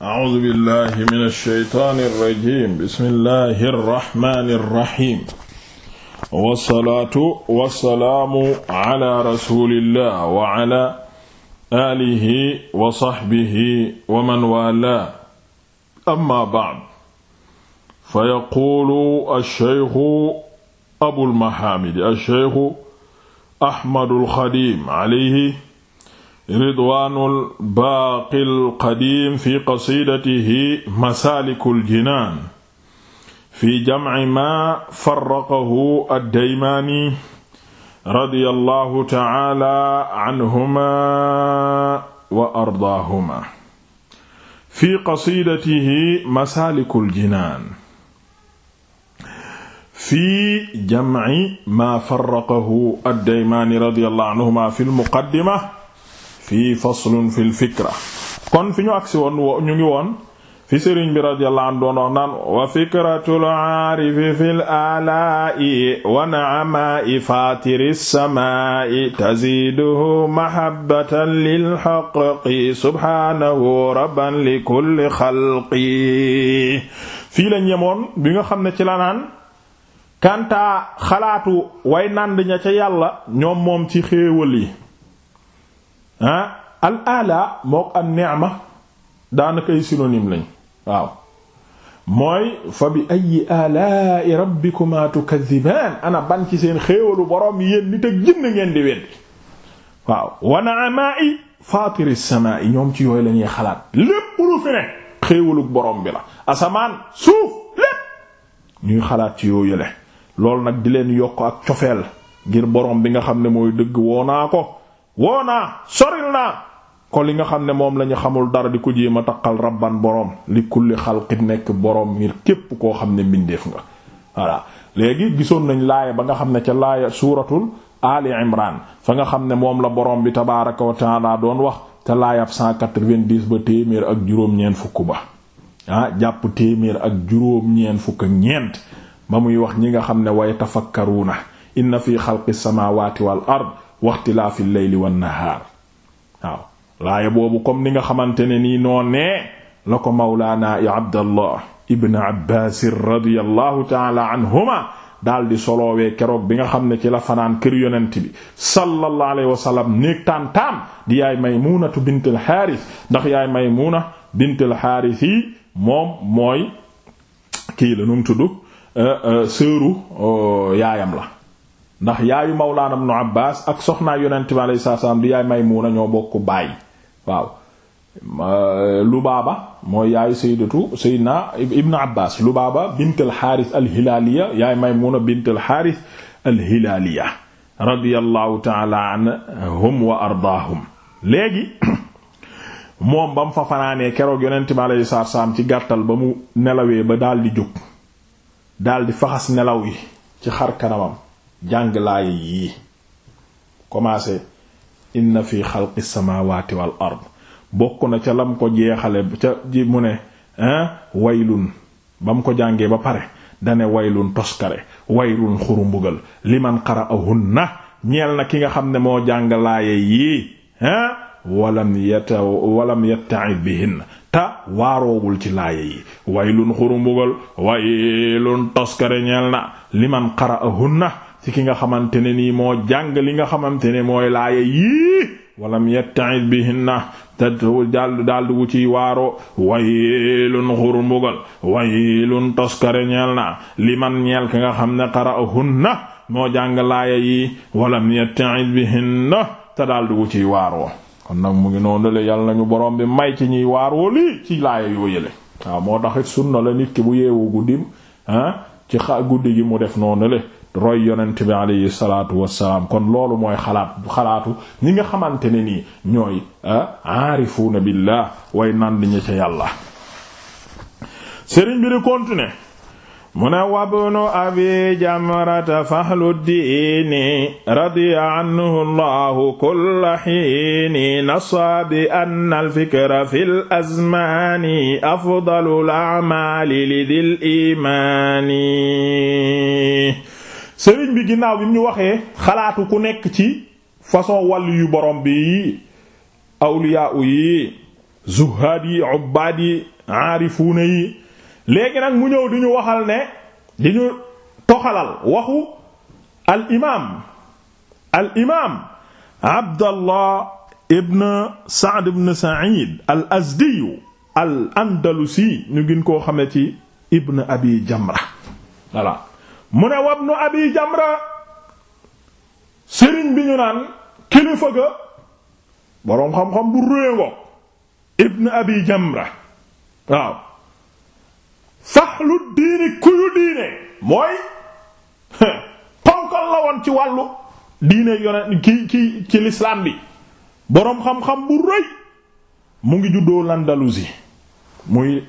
A'uuzu billaahi mina shaytaani rajiim bismillaahi rahmaani rahiim. Wassalaatu wassalaamu ala rasuulillaah wa ala aalihi wa sahbihi wa man waalaahu. Amma ba'd. Fayaquulu ash-shaykhu Abul Mahaamid ash-shaykhu Ahmadul Xadiim alayhi ridwaanul baaqil qadiim fi qasiidatihi masaalikul jinaan fi jamci maa farraqahu addaymaani radiyallahu ta'ala anhumaa wa ardaahumaa fi qasiidatihi masaalikul jinaan fi jamci maa farraqahu addaymaani radiyallahu anhumaa fil muqaddima fii faslun fil fikra kon fi ñu agsi woon ñu ngi woon fi sëriñ bi radiyallahu anhu doon wax wa fikratul aarifi wa na'amaa'i faatiris samaa'i taziiduhu mahabbatan lil haqqi subhaanahu rabban li kulli xalqi fii lañ yemoon bi nga xam ne ci la naan kantaa xalaatu way nand ña ca yàlla ñoom moom ci xéewal ah al ala mook an ni'ma daanaka ay synonyme lañ waaw mooy fa bi ayi alai rabbikuma tukadhiban ana ban ci seen xéewalu boroom yéen nit ak jinn ngeen di weddi waaw wa na'ama'i fatiri samaa'i ñoom ci yooyu lañuy xalaat lépp lu ne xéewaluk boroom bi la asamaan suuf lépp ñuy xalaat ci yooyu le loolu nag di leen yokk ak cofeel ngir borom bi nga xam ne mooy dëgg woo naa ko woo naa soril naa ko li nga xam ne moom lañu xamul dara di ko jéem ma taqal rabban boroom li kulli xalqit nekk boroom ngir képp koo xam ne mbindeef nga voilà léegi gisoon nañ laaya ba nga xam ne ca laaya suuratul ali imran fa nga xam ne moom la boroom bi tabaaraka wa taala doon wax te laayab 190 ba téeméer ak juróom-ñeent fukk ba ah jàpp téeméer ak juróom-ñeent fukk ñeent ba muy wax ñi nga xam ne way tafakkaruuna inna fi xalqi samaawaati wal ard waxtilaafil layli wan nahaar waaw laaya boobu comme ni nga xamante ne nii noonee la ko mawlaana abdallah ibn abbaas radiyallahu taala anhuma daal di soloowee keroog bi nga xam ne ci la fanaan kër yonent bi sallallahu alayhi wa sallam néeg taam-taam di yaay maymunatu bint al xaaris ndax yaay maymuna bint al xaaris yi moom mooy kii la nu tudd euh, euh, sëru euh, yaayam la ndax yaayu mawlaana ibnu Abbaas ak soxnaa yonent bi alayhi salaam di yaay Maymuna ñoo bokk baay waaw Lubaaba mooy yaayu sayyidatu sayyidina ibnu Abbaas Lubaaba bint al-Haaris al-Hilaaliya yaay Maymuna bint al-Haaris al-Hilaaliya radiyallahu ta'ala anhum wa ardaahum léegi moom ba mu fa fanaanee keroog yonent bi salaam ci gàttal ba mu nelawee ba daldi jóg daldi faxas nelaw yi ci xar kanamam jàng laaya yii commencé inna fi xalqi samawati wal bokk na ca lam ko jeexale ca ji mu ne waylun ba mu ko jàngee ba pare dane waylun toskare waylun xuru mbugal liman qara'ahunna ñeel na ki nga xam ne moo jàng laaya yii walam yata walam yatta'i bihin ta waaroowul ci laaya yi waylun xuru mbugal waylun toskare ñeel na liman qara'ahunna ci ki nga xamante ne nii moo jàng li nga xamante ne mooy laaya yii walam bi bihinna te daldu daldi wu ciy waaro waylun xur mbugal waylun toskare ñeel na liman ñeel ki nga xam ne qara'ahunna moo jàng laaya yi walam yattaid bihinna te daldi wu ciy waaroo kon nag mu ngi noonu la yàlla nañu borom bi may ci ñuy waaroo lii ci laaya yoo yële waaw moo taxit sunna la nit ki bu yeewu guddim ah ci xa guddi gi mu def noonu le roy yonent bi alayhi salaatu wassalaam kon loolu mooy xalaat xalaatu ñi nga xamante ni nii ñooy ah, aarifuuna billah way naan ñi ca yàlla sëriñ bi di continuer mu ne wabnu abi jamrata fahluddiini radiya anhu allahu kulla xiini nasa bi anna alfikra fi lazmaani afdalu lacmaali lidil imaani sëriñ bi ginnaaw bi mu ñu waxee xalaatu ku nekk ci façon wàllu yu borom bi awliyaa yi zuhaad yi ubbaad yi aarifuuna yi léegi nag mu ñëw di ñu waxal ne di ñu toxalal waxu al imaam al imaam abdallah ibn saad ibn said al azdiyu al andalusi ñu gin koo xame ci ibn abi jamra mu ne wabnu abi jamra sëriñ bi ñu naan kilifa ga boroom xam-xam bu réengo ibn abi jamra waaw faxlu diini kuyu diine mooy ponkal la woon ci wàllu diine yonent ki ki ci lislaam bi boroom xam-xam bu rëy mu ngi juddoo l'Andalousie muy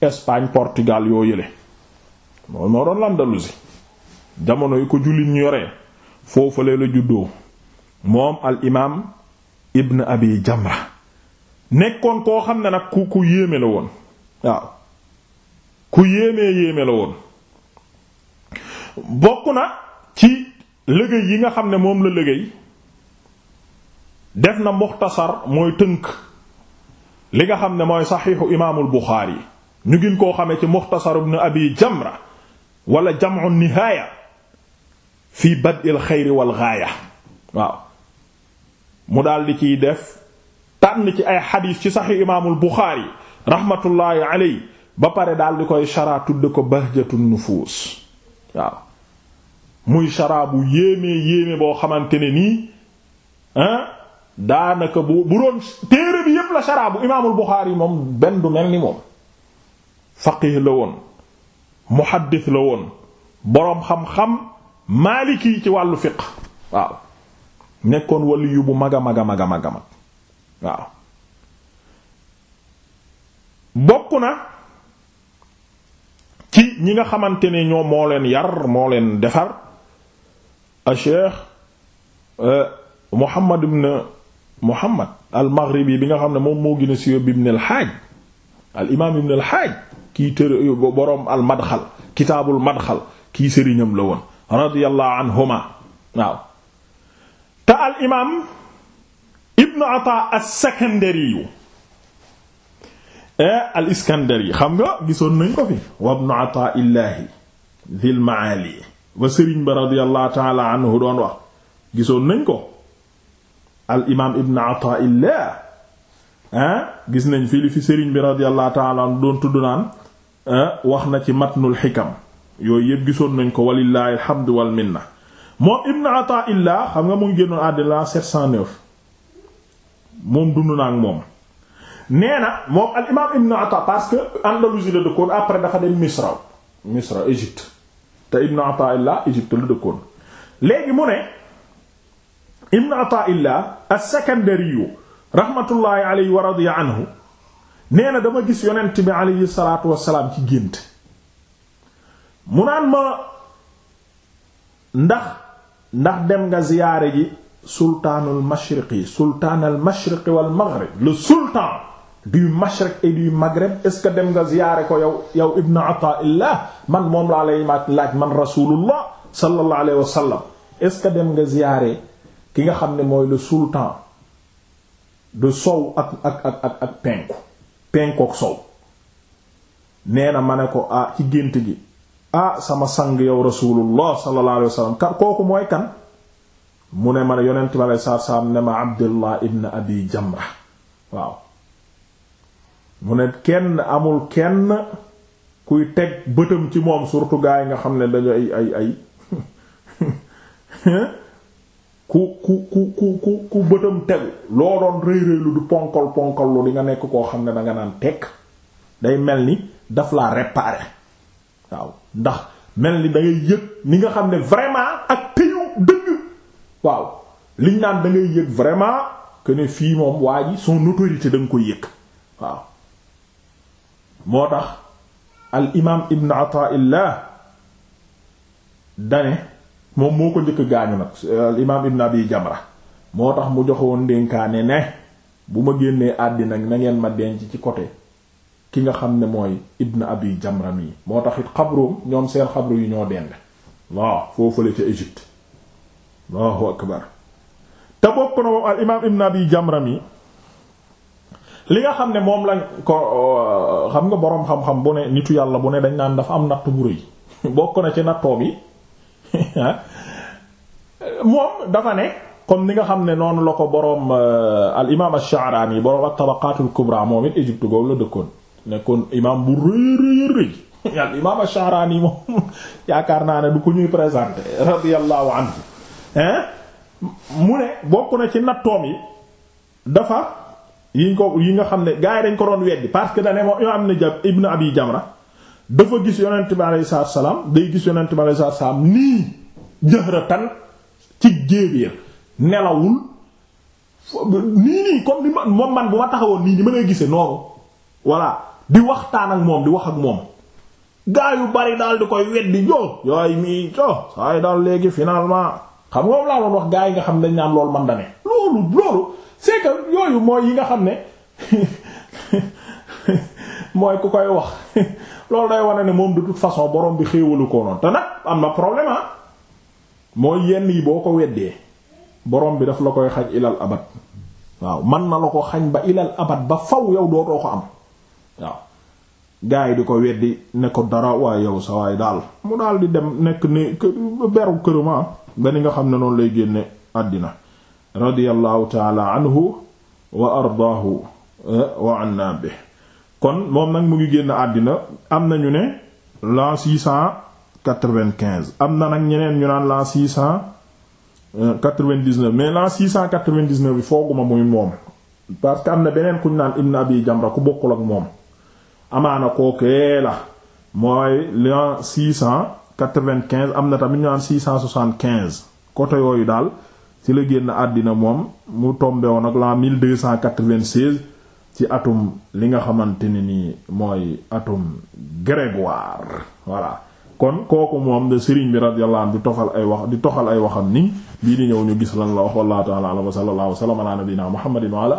Espagne Portugal yoo yële moom moo doon l'Andalousie jamono yu ko jullit ñu yore foofale la juddoo moom al imaam ibn abi jamra nekkoon koo xam ne nag ku ku yéeme la woon waaw ku yéemee yéeme la woon bokk na ci liggéey yi nga xam ne moom la liggéey def na muxtasar mooy tënk li nga xam ne mooy saxiixu imaamul buxaari ñu gin koo xamee ci muxtasar ibn abi jamra walla jam'u nihaaya fii bad'il xayri wal gaaya waaw mu daal di ciy def tànn ci ay xadiis ci saxi imaamul buxaari rahmatullahi aley ba pare daal di koy chara tudde ko bahjatu nufuus waaw muy chara bu yéemee yéeme boo xamante ne nii daanaka bu bu doon téere bi yépp la chara bu imaamul buxaari moom benn du mel ni moom faqih la woon muhaddis la woon boroom xam-xam maaliki ci wàllu fiq waaw nekkoon waliyu bu mag a mag a mag a mag a mag waaw bokk na ci ñi nga xamante ne ñoo moo leen yar moo leen defar a cheikh euh, Muhammad ibn Muhammad al maghribi bi nga xam ne moom moo gin a siiw bi ibn al Hajj al imaam ibn Hajj kii tër boroom al kitaabul madxal kii sëriñam la woon radiyallahu anhuma waaw te al imaam ataa as-sakandari eh, al iskandari xam nga gisoon nañ ko fi wa ibnu ataa illaahi dhil maali wa sëriñ ba radiyallahu taala doon wax gisoon nañ ko al imaam ataa illaah eh, gis nañ fii li fi sëriñ bi radiyallahu taala doon tudd naan eh, wax na ci matnul xikam yooyu yëpp gisoon nañ ko walillahi alhamdu wal minna moom ibn Ataillah xam nga mu ngi génnoon àddina la moom dund naa ak moom nee na moom al imam ibn parce que Andalousie la dëkkoon après dafa dem Misra Misra Égypte te ibn Ataillah Égypte la dëkkoon léegi mu ne ibn Ataillah as-Sakandari rahmatullahi alayhi wa radiya anhu nee na dama gis yonent bi alayhi salatu wasalaam ci gént mu naan ma ndax ndax dem nga ziyaare ji sultaanul mashriqi sultaanal mashriqi wal maghrib le sultan du mashriq et du maghreb est-ce que dem nga ziyaare ko yow yow ibn ataillah man moom laa lay laaj man rasulullah sallallahu alayhi wa sallam est-ce que dem nga ziyaare ki nga xam ne mooy le sultan du sow ak ak ak ak ak penku penkook sow nee na ma ne ko ah ci gént gi ah sama sang yow rasulullah sallallahu alayhi wa sallam kan kooku mooy kan mu ne ma yonent ma lay saa saam ne ma abdullah ibn abi jamra waaw mu ne kenn amul kenn kuy teg bëtam ci moom surtout yi nga xam ne dañu ay ay ay ku ku ku ku ku bëtam tegu loo doon rëy rëylu du ponkal ponkal lu di nga nekk koo xam ne danga naan teg day mel ni daf laa réparer waaw ndax mel ni da ngay yëg ni nga xam ne vraiment ak téyu dëgg waaw liñ naan da yëg vraiment que ne fii moom waa ji son autorité da nga koy yëg waaw moo tax al imam ibn ataillah dane moom moo ko njëkk gaañu nag al imam ibn abi jamra moo tax mu joxoon ndénkaane ne bu ma génnee àddina na ngeen ma denc ci côté ki nga xam ne mooy ibn abi jamram yi moo tax it xabroom ñoom seen xabru yi ñoo dend waaw foofale ca Égypte allahu akbar te bokk na moom al imaam ibn abi jamram yi li nga xam ne moom lañ ko euh, nga boroom xam-xam bu yàlla bu ne dañ naan dafa am natt bu rëy bokk na ci nattoo bi moom ni nga xam ne noonu la ko boroom euh, al imaam ash-Sha'rani boroom at-Tabaqatul Kubra moom it Égypte googu la dëkkoon nekkoon imaam bu rëy rëy rëy yàlla imaam Ash-Sha'rani moom yaakaar naa ne du ko ñuy présenté radiyallahu anhu hein mu ne bokk na ci nattoom yi dafa yiñ ko yi nga xam ne gars dañ ko doon weddi parce que dane am na Ibn Abi Jamra dafa gis yonent bi alayhi salaatu salaam day gis yonent bi alayhi salaatu salaam nii jëhratan ci géebéer nelawul nii nii comme ni ma man bu ma taxawoon nii ni ma lay gisee noonu voilà di waxtaan ak moom di wax ak moom gaa yu bari daal di koy weddi joo yooyu mii joo saa yi daal léegi finalement xam nga moom laa doon wax gaa yi nga xam ne dañ naan loolu man da ne yi nga xam ne mooy ku koy wax loolu day wane ne moom de borom bi xéewalu ko noonu te am na problème ah mooy yenn yi boo ko weddee borom bi daf la koy xaj ilal abad waaw man na la ko xañ ba ilal abad ba faw yow dootoo ko am. waaw gaa yi di ko weddi ne ko dara waaye yow sa waay daal mu daal di dem nekk ni beru kërama ah. ba ni nga xam ne noonu lay génne àddina radiyallahu taala anhu wa ardaahu eh, wa anna bi kon moom nag mu ngi génn àddina am na ñu ne l'an 695 am na nag ñeneen ñu naan la l'an 699 eh, mais l'an 699 bi fooguma muy moom parce que am na beneen kuñ naan ibn abi jamra bokkul ak moom amaana kookee la mooy l'an 695 am na tamit ñu naan 675 côté yooyu daal ci la génn àddina moom mu la mille tombé cent ak l'an 1296 ci atum li nga xamante ne nii mooy atum grégoire voilà kon kooku moom de Serigne bi radiyallahu anhu di toxal ay wax di toxal ay waxam ni bii di ñëw ñu gis lan la wax la ta'ala wa sallallahu wa sallama ala nabina muhammadin wa ala